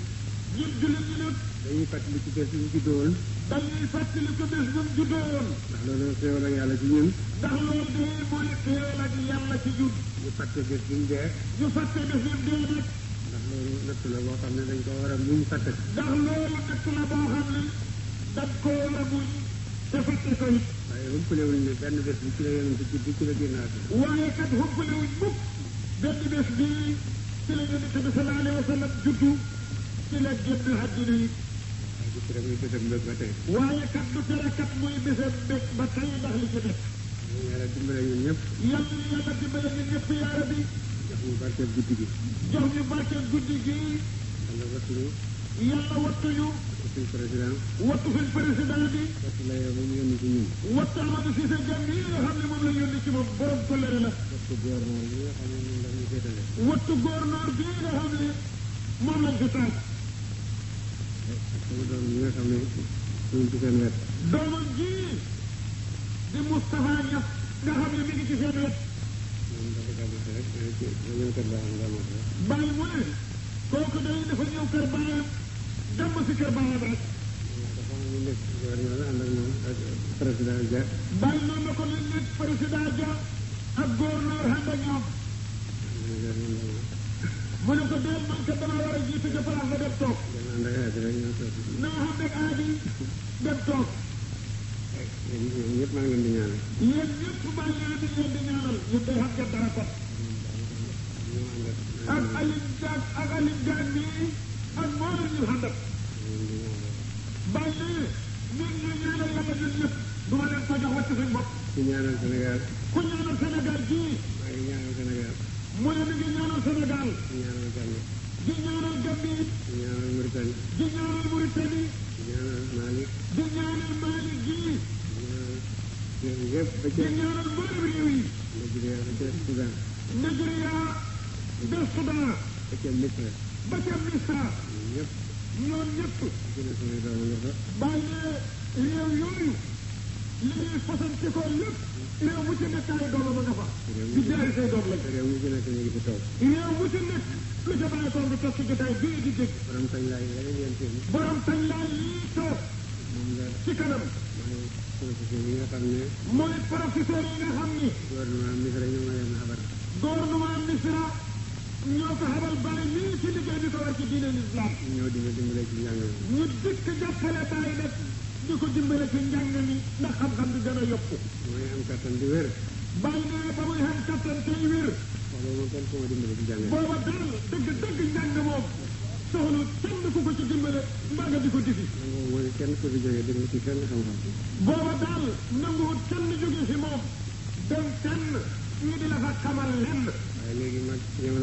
S1: ñun jullit ñi nag. dañuy fàttali ci bés bu mu juddoo woon. dañuy fàttali ko bés
S4: bu mu juddoo woon.
S1: ndax loolu xéewal ak yàlla ci ñun.
S4: ndax loolu dee mooy xéewal ak yàlla ci
S1: ñun. ñu fàtte bés bu mu dee. ñu fàtte bés bu mu dee nag. ndax loolu natt la boo xam ne dañ ko war a muñ fàtte. ndax loolu
S4: natt la boo xam ne
S1: dañ ko war a muñ te fàtte ko it. humpale wuñ ne benn bi ci la yonent bi ci la génn àdduna.
S4: waaye kat humpale bi ci la yonent bi sallallahu alayhi wa sallam juddu kat du tere kat muy bésam bés ba tey ndax li ci nekk.
S1: yàlla dimbale ñun ñëpp.
S4: yàlla yàlla dimbale ñun ñëpp yaa rabbi. jox ñu barkeel guddi gi. jox ñu barkeel guddi gi.
S3: yàlla wattu ñu.
S4: wattu
S1: suñ président.
S4: wattu suñ président bi.
S1: wattu la yow ba ci ñun.
S4: wattal ma ko Cissé Diagne yi nga xam ne moom la ñu yónni bi nga ne xam ne moom la ñu taal. sama doomam ji di Moustapha Niass nga xam ne mi ngi ci seen wet. bàyyi kooku day dafa ñëw kër baayam dem ba si kër ba ñëw rek. président Dia. bàyyi noonu la ko ne nit ak gouverneur ànd ñoom. mu ko déet man kat dama war a jiitu ca ak Alioune Diagne ak ñu ànd ak bàyyi ne ñun ñu
S1: ñu ñaanal yàlla ñun ñëpp du ma leen ko jox wàcc seen bopp. ku ñaanal Sénégal. ku
S4: ñaanal Sénégal
S1: gii. maa ngi ñaanal Sénégal.
S4: mu ne mi ngi ñaanal Sénégal.
S1: di ñaanal Gambie. di ñaanal Gambie. di
S4: ñaanal Mauritanie. di ñaanal Mauritanie.
S1: di ñaanal Mali. di ñaanal Mali gii. di ñaanal yëpp ba ca. di ñaanal mboolem réew yi. Nigeria ba ca Soudan. Nigeria ba Soudan. ba ca Misra. ba ca Misra. yëpp.
S4: ñoom ñëpp. bàyyi ne réew yooyu li ñuy fasante ko lépp réew mu ci nekk ay doomam a nga fa.
S1: di mu ci nekk ñu ngi fi toog.
S4: réew mu ci nekk lu ca bàyyi toog di toog ci jotaay bii di dégg.
S1: borom tañ laay la ngeen seen. borom tañ laay ci kanam. professeur yi nga xam ne. mooy professeur yi nga xam ni. gouvernement Misra ñoom ñoo leen xabar. gouvernement
S4: Misra. ñoo ko xamal bàyyi
S1: lii ci liggéey bi ko war ci diine lislaam ñoo di dimbale ci njàng mi
S4: ñu dikk jàppale bàyyi nag di ko dimbale ci njàng mi ndax xam-xam bi gën a yokku
S1: mooy am kattan di wér
S4: bàyyi nee ba muy am kattan tey
S1: wér ma dimbale ci booba daal
S4: dëgg dëgg njàng moom soxlu ku ko ci dimbale mbaa di ko difi
S1: mooy kenn ku fi jógee dem ci kenn xam-xam
S4: booba daal nanguwut kenn jógee moom dem kenn ñu la fa xamal lenn waaye léegi mag ñëw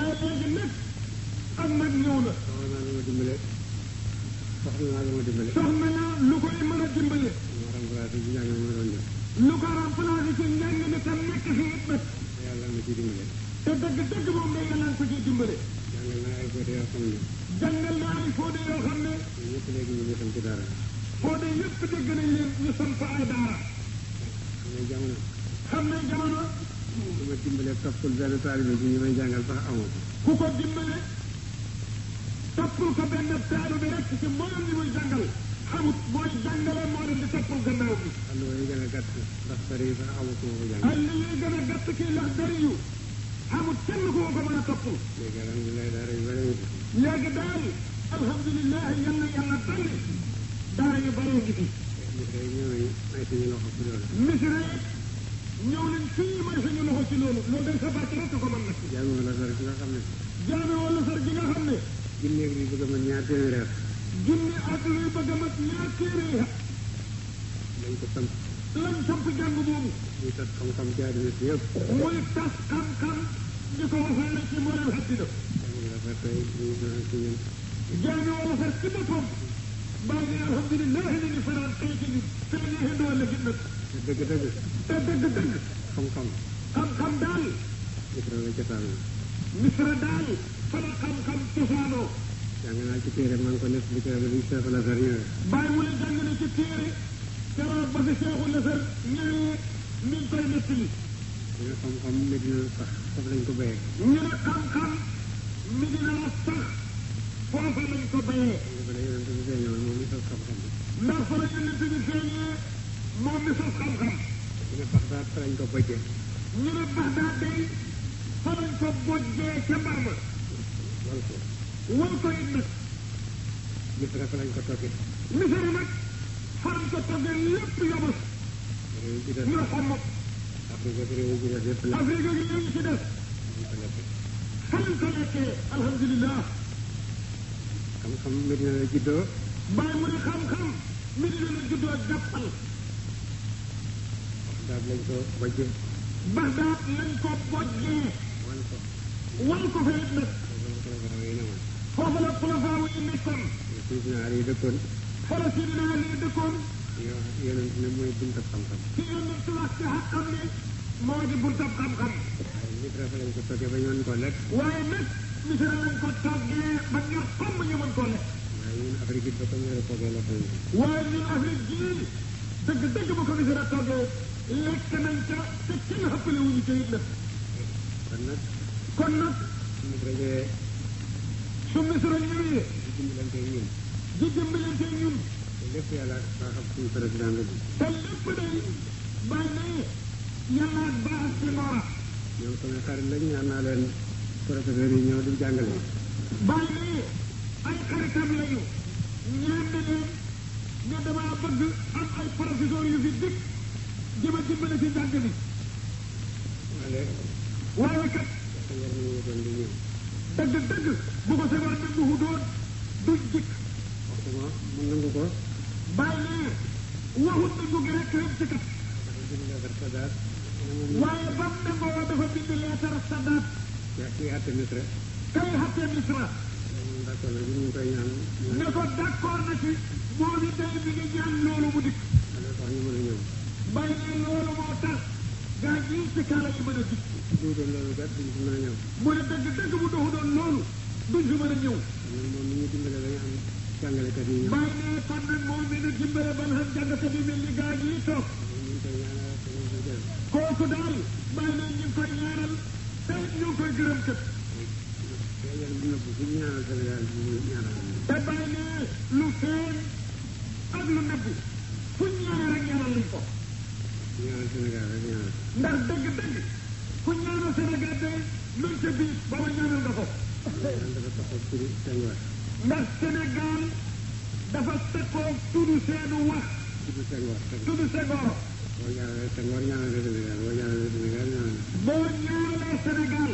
S4: nag ñëw na.
S1: lu ma dimbale. soxla naa lu ma dimbale. soxla
S4: naa lu koy mën a dimbale.
S1: lu ko remplacé ci njàng ma doon def.
S4: tam nekk si it nag.
S1: yàlla na ci dimbale. te
S4: dëgg dëgg moom day naan ko ci dimbale. jàngal naa ay fóote yoo xam
S1: ne. jàngal naa ay fóote ñu ngi sant dara.
S4: fóote yëpp dégg nañ leen ñu sant ay
S1: xam ne jamono. ku ma dimbalee toppul benn taalibe bi ñu may jàngal sax amoo
S4: ko ku ko dimbale toppul ko benn taalibe rek ci mboolem li muy jàngal xamut mooy jàngale moo leen di toppul
S1: gannaaw bi àll yooyu gën a gàtt ndax bëri yi sax amoo ko ma ko jàngal àll yooyu gën a gàtt kii ndax bëri
S4: yu xamut kenn ku ko mën a toppul
S1: léegi alhamdulilah daara yu bëri
S4: léegi daal alhamdulilah yal na yàlla dolli daara yu bëri ngi fi
S1: misre ñooy ay suñu loxo
S4: misre ñëw leen fii may suñu loxo ci loolu loolu dañ sa barke rek ko mën nag.
S1: jaami wala sar gi nga xam ne.
S4: sar gi nga xam ne. junne ak luy
S1: bëgg a mat ñaar téeméeri at.
S4: junne ak luy bëgg a mat ko samp. lañ samp jàng boobu.
S1: muy tas xam-xam ci àddina si
S4: di ko wasaare ñu ngi
S1: tey ci ñu ngi doon la nag. dëgg dëgg dëgg xam-xam
S4: xam-xam daal
S1: misra la cosaanoo
S4: misra daal fa la xam-xam cosaanoo
S1: jàng naa ci téere maa ko nekk li ko bi Cheikh Lazar ñëwee
S4: bàyyi wala jàng na ci téere
S1: keroog ba fi Cheikh Lazar
S4: ñëwee mi ngi koy nekk li
S1: ñu ne xam-xam mi dina sax foofu lañ ko béyee
S4: ñu ne xam-xam mi dina sax foofu lañ ko béyee ndax fa la yonente bi feeñee moom mi sos xam-xam. ñu
S1: ne Baxdaad ne
S4: Baxdaad day fa lañ ko bojjee ca mbar ma. ko it nag.
S1: Misra fa ko toggee.
S4: Misra nag fa lañ ko toggee lépp yobos.
S1: réew ci des ñu xam Afrique ak réew ci des yëpp la. Afrique
S4: ak xam-xam
S1: mbir na la
S4: ne xam-xam mbir na
S1: Bagdaad lañ ko bojjee.
S4: Bagdaad lañ ko bojjee. wan ko. wan ko fa it nag. foofu la xulafaaw yi nekkoon.
S1: Sidina Ali dëkkoon.
S4: foofu la Sidina Ali dëkkoon.
S1: yonent ne mooy buntab xam-xam. ci
S4: yonent wax ci xam-xam ne moo di buntab xam-xam.
S1: waaye Misra fa lañ ko toggee ba ñu mën koo lekk.
S4: waaye nag Misra lañ ko toggee ba ñu xam ñu mën koo lekk.
S1: waaye ñun Afrique bi ba ko ñëwee toggee la ko.
S4: waaye ñun Afrique bii dëgg dëgg ba ko Misra toggee. lekk nañ ca te kenn xëppale wuñu ca it nag.
S1: kon nag. kon nag. su ma soroon ñëwee. su ma soroon ñëwee. di
S4: dimbalante ak ñun.
S1: te lépp yàlla baaxam suñu président la bi. te lépp day
S4: baax na yàlla baax ci Noora.
S1: ñoom samay xarit lañ ñaan naa leen professeurs yi ñëw di jàngale.
S4: baax na ay xaritam lañu. ñaan na leen ne damaa bëgg am ay professeurs yu fi dikk. jëm a dimbali ci njàng bi. waaye. waaye kat. dëgg dëgg bu ko sëñ war a dëgg doon du
S1: jikk. waaye
S4: ba mu nangoo dafa bind leetar Sadaat. kii kay àtte Misra.
S1: ne ko d'accord na ci.
S4: moo di tey bi nga ñaan loolu mu dikk.
S1: bàyyi leen loolu
S4: moo tax gaa yi ci kaala yi mën a dikk.
S1: bu doon loolu kat duñ fi mën a ñëw.
S4: mu ne dëgg dëgg bu doxu doon loolu duñ fi mën a ñëw.
S1: moom ni ñu dimbale da nga am jàngalekat yi ñëw. bàyyi
S4: ne kon nag moom mi ngi dimbale ba nga xam jàngkat yi mel ni gaa yi toog. kooku daal bàyyi ne ñu ngi koy ñaanal te ñu ngi koy gërëm kat. te bàyyi ne lu feeñ ak lu nëbbu fu ñu ñaanal rek ñaanal lañ ko.
S1: ndax dëgg-dëgg
S4: ku ñaanal Sénégal de luñ ca biir bala ñaanal nga ko. ndax Sénégal dafa tëkkoog tudd seen wax. tudd seen wax tudd seen wax.
S1: boo ñaanalee Senghor ñaanalee Sénégal boo ñaanalee Sénégal ñaanal.
S4: boo ñaanalee Sénégal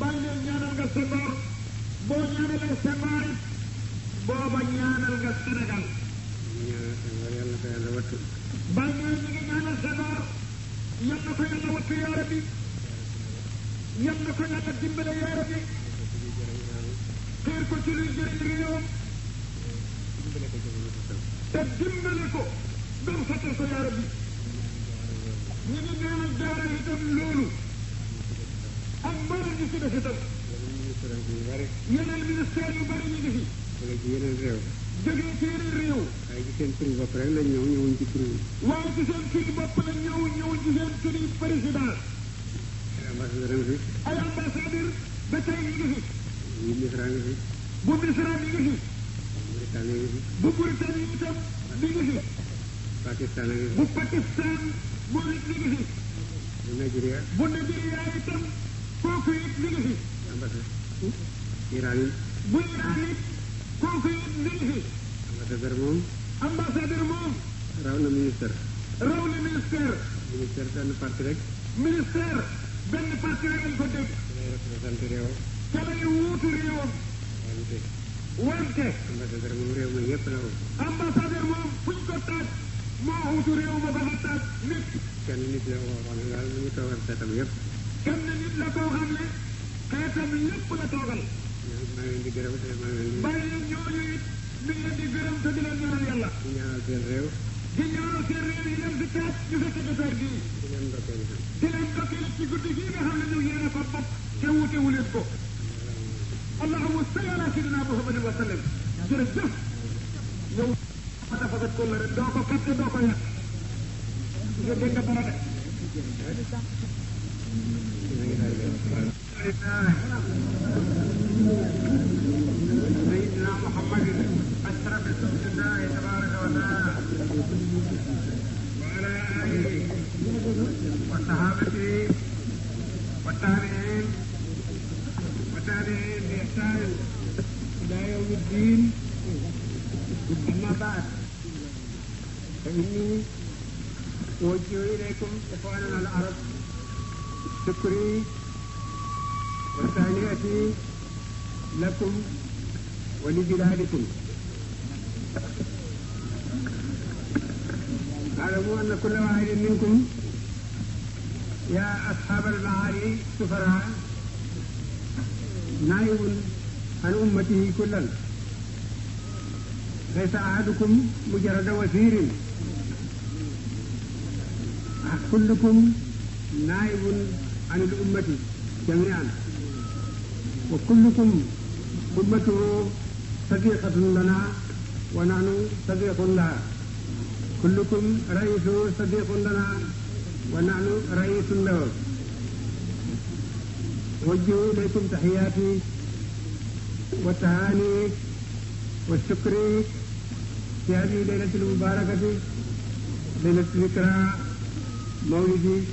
S4: bàyyi leen ñaanal nga Senghor boo ñaanalee Senghor it booba ñaanal nga Sénégal.
S1: ñaanal Senghor yàlla na ko yàlla wattu.
S4: bàyyi mooy ñu ngi ñaanal Senghor yal na ko yàlla wattu yaara bi yal na ko yàlla dimbale yaara bi teer ko ci luy jëriñ réewam te dimbale ko dam sattal ko yaara bi ñu ngi ñaanal jaara itam loolu ak mboolem ñu si def itam yeneen ministère yu bari ñu
S1: ngi fi jógee seeni réew. waaye ci seen turi bopp rek lañ ñëwuñ ci
S4: seen turi bopp lañ ñëwuñ ci seen turi président.
S1: ay ambassadeur ngi fi.
S4: ay ambassadeur ba tey ñu ngi
S1: bu Misra ngi fi.
S4: bu bu Mauritanie
S1: ngi fi. bu Mauritanie itam Pakistan ngi bu Pakistan
S4: moom it mi ngi fi. bu Nigeria. bu Nigeria itam kooku it mi ngi fi.
S1: ambassadeur. Iran it.
S4: bu Iran it. kooku it mi ngi fi. ambassadeur moom. ambassadeur moom.
S1: raw na ministère. raw benn parti rek.
S4: benn parti rek lañ ko dégg.
S1: lay représenté réewam.
S4: ca lay wuutu moom réew
S1: mi la woon.
S4: ambassadeur moom fuñ ko taaj. moo wuutu réew ma ba fa taaj nit.
S1: kenn nit la ko waxoon daal mu ngi toogal xeetam la ko
S4: xam ne xeetam la toogal.
S1: maa leen di gërëm te maa leen di. bàyyi leen
S4: ñooñu it ñu ngi leen di gërëm te di leen ñaanal yàlla.
S1: di ñaanal seen réew.
S4: di ñaanal seen réew yi leen di taat ñu fekk jotaay bii. di leen ndokkeel itam. di leen ndokkeel ci guddi gii nga xam ne ñu yéen a ko bopp te wute wu leen ko. allahumma salli ala sayyidina muhammadin wa sallam. jërëjëf. yow ma tafagat ko la rek doo ko kat te doo ko yàq. nga dégg nga dara de.
S2: Thank you. سيدنا محمد أشرف خلق
S1: الله تبارك وتعالى وعلى آله وصحابته
S4: والتابعين والتابعين بإحسان إلى يوم
S1: الدين أما بعد فإني أوجه إليكم إخواننا العرب شكري وتهنئتي lakum wa li bilaadikum alamu anna kulla waahidin minkum yaa ashaabal maali sufaraa naayibun an ummatihi kullan laysa ahadukum mujarrada wasiirin ah, kullukum
S3: naayibun an al ummati jamiian wa kullukum ذمته
S1: صديقة لنا ونحن صديق لها كلكم رئيسه صديق لنا ونحن رئيس له وجهوا إليكم تحياتي والتهاني والشكر في هذه الليلة المباركة ليلة ذكرى مولد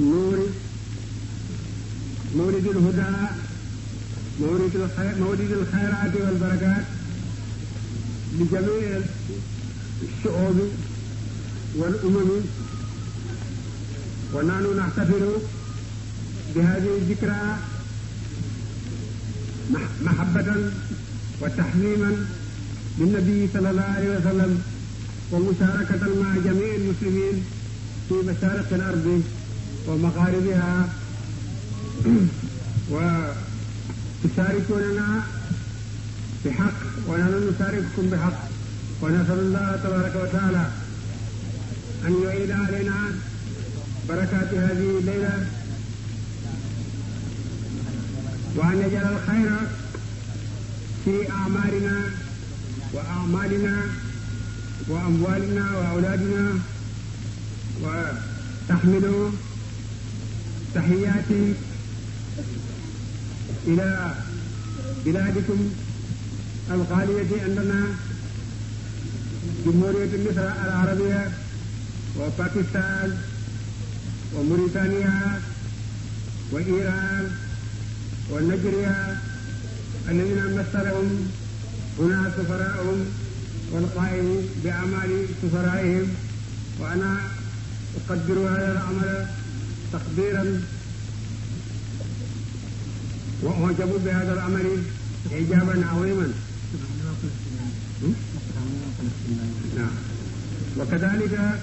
S1: نور مولد الهدى mawridul mawridul xayraati wal barakaat li jamii shuubi wal umami wa naanu naxtafiru bi hadihi dikra mahabbatan wa taxmiman linnabii sallallahu alayhi wa sallam wa musaarakatan maa jamii almuslimiin fi mashaariqi al ardi wa maqaaribiha wa تشاركوننا بحق ونحن نشارككم بحق ونسأل الله تبارك وتعالى أن يعيد علينا بركات هذه الليلة
S3: وأن يجعل الخير في أعمارنا وأعمالنا وأموالنا
S1: وأولادنا وتحمل تحيات ilaa bilaadikum alxaaliyati indana jumhuriyatu misra al arabiya wa pakistan wa mauritania wa iran wa najriya alladina massalahum huna sufaraahum والقائم بأعمال سفرائهم وأنا أقدر هذا العمل تقديرا وأعجب بهذا الأمر إعجابا عظيما نعم وكذلك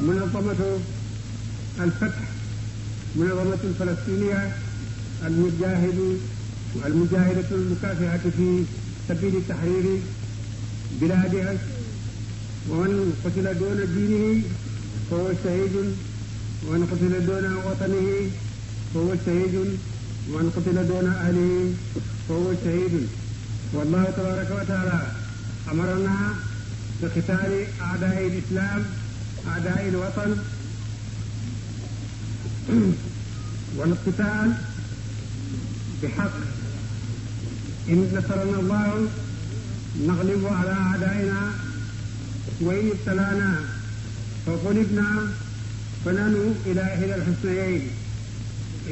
S1: منظمة الفتح منظمة الفلسطينية المجاهد المجاهدة المكافحة في سبيل تحرير بلادها ومن قتل دون دينه فهو شهيد ومن قتل دون وطنه فهو شهيد man qutila doona ahlihi fa huwa shahidun wallahu tabaraka wa taala amarana bi qitaali a'daai l-islam a'daai l-watan wal qitaal بحق إن نصرنا الله نغلب على أعدائنا وإن ابتلانا فغلبنا فننو إلى إحدى الحسنيين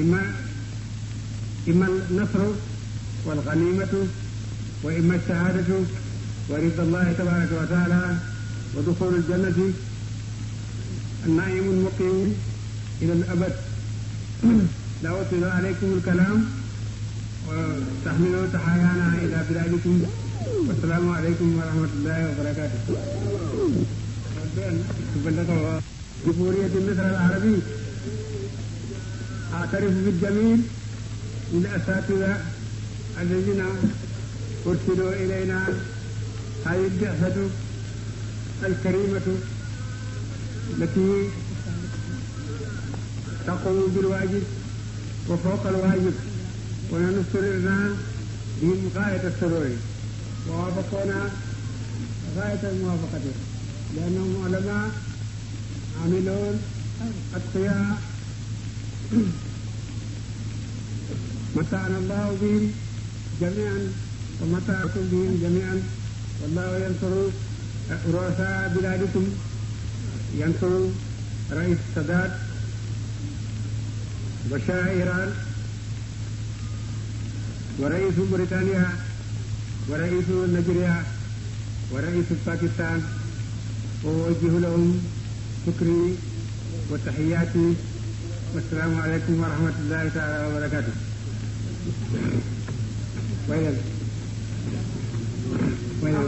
S1: إما imma nasru wal ganimatu wa imma shahaadatu wa rida allahi tabaraka wa taala wa duxulu ljannati annaimu lmuqimu ila al abad la wasilu alaykum alkalam wa taxmilu taxayaana ila biladikum wasalaamu aleykum wa rahmatullahi wa barakatuh جمهورية مصر العربي أعترف بالجميل من أساتذة الذين أرسلوا إلينا هذه البعثة الكريمة التي تقوم بالواجب وفوق الواجب ونحن سررنا بهم غاية السرور ووافقونا غاية الموافقة لأنهم علماء عاملون أتقياء mataana allahu bihim jamian wa mataakum bihim jamian wallahu yansuru rosa biladikum yansuru rais sadat wa shaa iran wa raisu britania wa raisu nigeria wa raisu pakistan wa wajjihu lahum shukri wa tahiyaati wassalaamu aleykum wa rahmatullahi taala wa barakatuh mooy lan mooy lan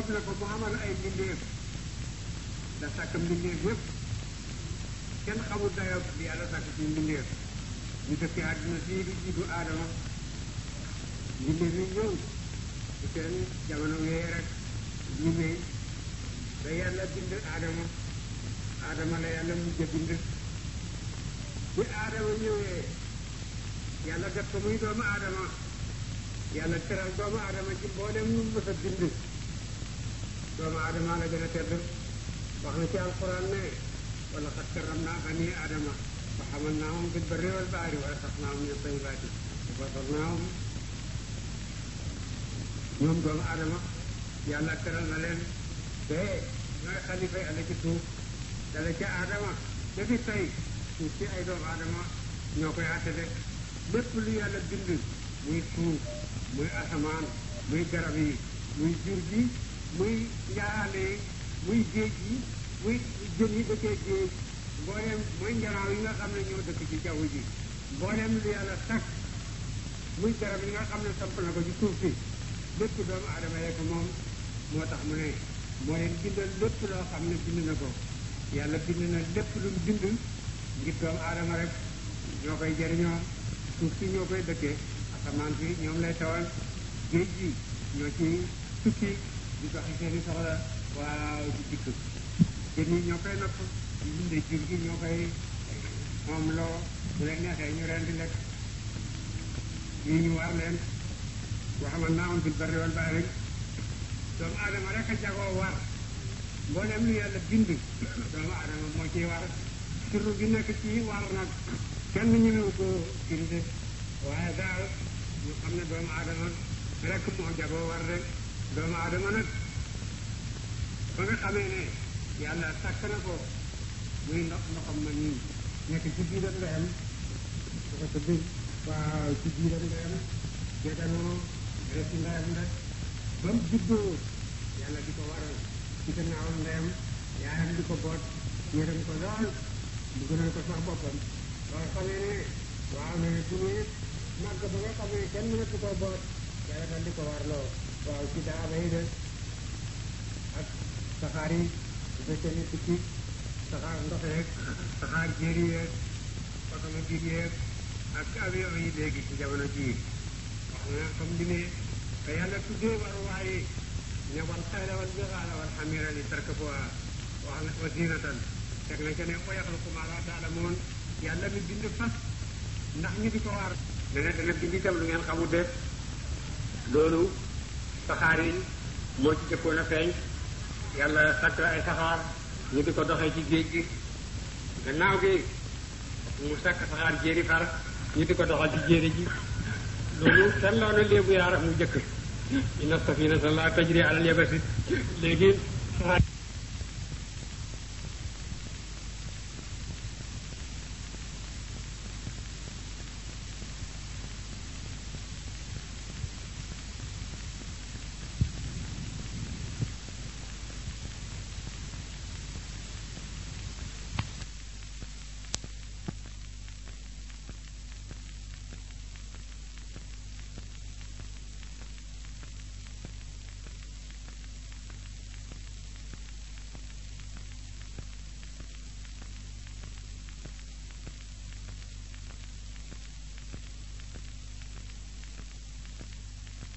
S1: soob na ko bu amal ay mbindeef da sàkk mbindeef yëpp kenn xamul dayoo yàlla sàkk ci mbindeef ñu dëkkee àdduna sii yi ñëw ci seen jamono yee rek ñu ne yàlla bind aadama aadama la yàlla mujj bind bi aadama ñëwee yàlla def ko muy doomu aadama yàlla teral doomu aadama ci mboolem ñu mës a bind doomu aadama la gën a tedd wax na ci alquran ne wala xat karam naa bani aadama wa xamal naa moom bil barri wal bahri wala sax naa moom ñëpp baati wa sax naa moom ñoom doomu aadama yàlla teral na leen te ñooy xalifa yàlla ci suuf dala ca aadama ba fi tey suuf si ay doomu aadama ñoo koy àtte de lépp lu yàlla bind muy suuf muy asamaan muy garab yi muy jur gi muy njaraamee muy géej yi muy jën yi dëkkee géej mbooleem mooy njaraaw yi nga xam ne ñoo dëkk ci jaww ji mbooleem lu yàlla sàkk muy garab yi nga xam ne samp na ko ci suuf si lépp doomu aadama rek moom moo tax mu ne moo leen bindal lépp loo xam ne bind na ko yàlla dind na lépp lu mu bind ngir doomu aadama rek ñoo koy jëriñoo suuf si ñoo koy dëkkee asamaan si ñoom lay tawal géej gi ñoo ci tukki di doxi seeni soxla waaw di dikk jën yi ñoo koy napp di dunde jur gi ñoo koy moom loo bu leen neexee ñu ren di lekk ñu ñu war leen waxamal naa am fil barri wal bahri doomu aadama rek jagoo war mboolem lu yàlla bind doomu aadama moo ciy war surru gi nekk ci war nag kenn ñu ne ko firnde waaye daal ñu xam ne doomu aadama rek moo jagoo war rek doomu aadama nag ba nga xamee ne yàlla sàkk na ko muy ndox ndoxam ma nii nekk ci biiram nga yem dafa tëdd waaw ci biiram nga di ko waral ci gannaawam nga yem di ko boot ñërëm boppam loo xamee ne waaw ne bu ñëwee màgg ba nga xamee kenn mënatu ko boot yàlla waaw ci daaba yi de ak saxaar yi bu fekkee ne tukki saxaar ndox yeeg saxaar jéer yi yeeg automobile yeeg ak avion yi léegi ci jamono jii wax eh, na comme li ne te yàlla tuddee waruwaay yi ne wal xayla wal bixaala wal xamira li tarkabuha wax na wa zinatan teg na ca ne wa yaxluqu maa laa taalamuun yàlla mi bind fas ndax ñu di ko waar. dana dana bind itam lu ngeen xamul de loolu. saxaar yi moo ci jëkkoon a feeñ yàlla sàkk ay saxaar ñu di ko doxee ci géej gi naaw gi mu sàkk saxaar jéeri far ñu di ko doxal ci jéeri ji loolu seetloo na léebu yaaram mu jëkk inna safina sa la tajri alal yabasi léegi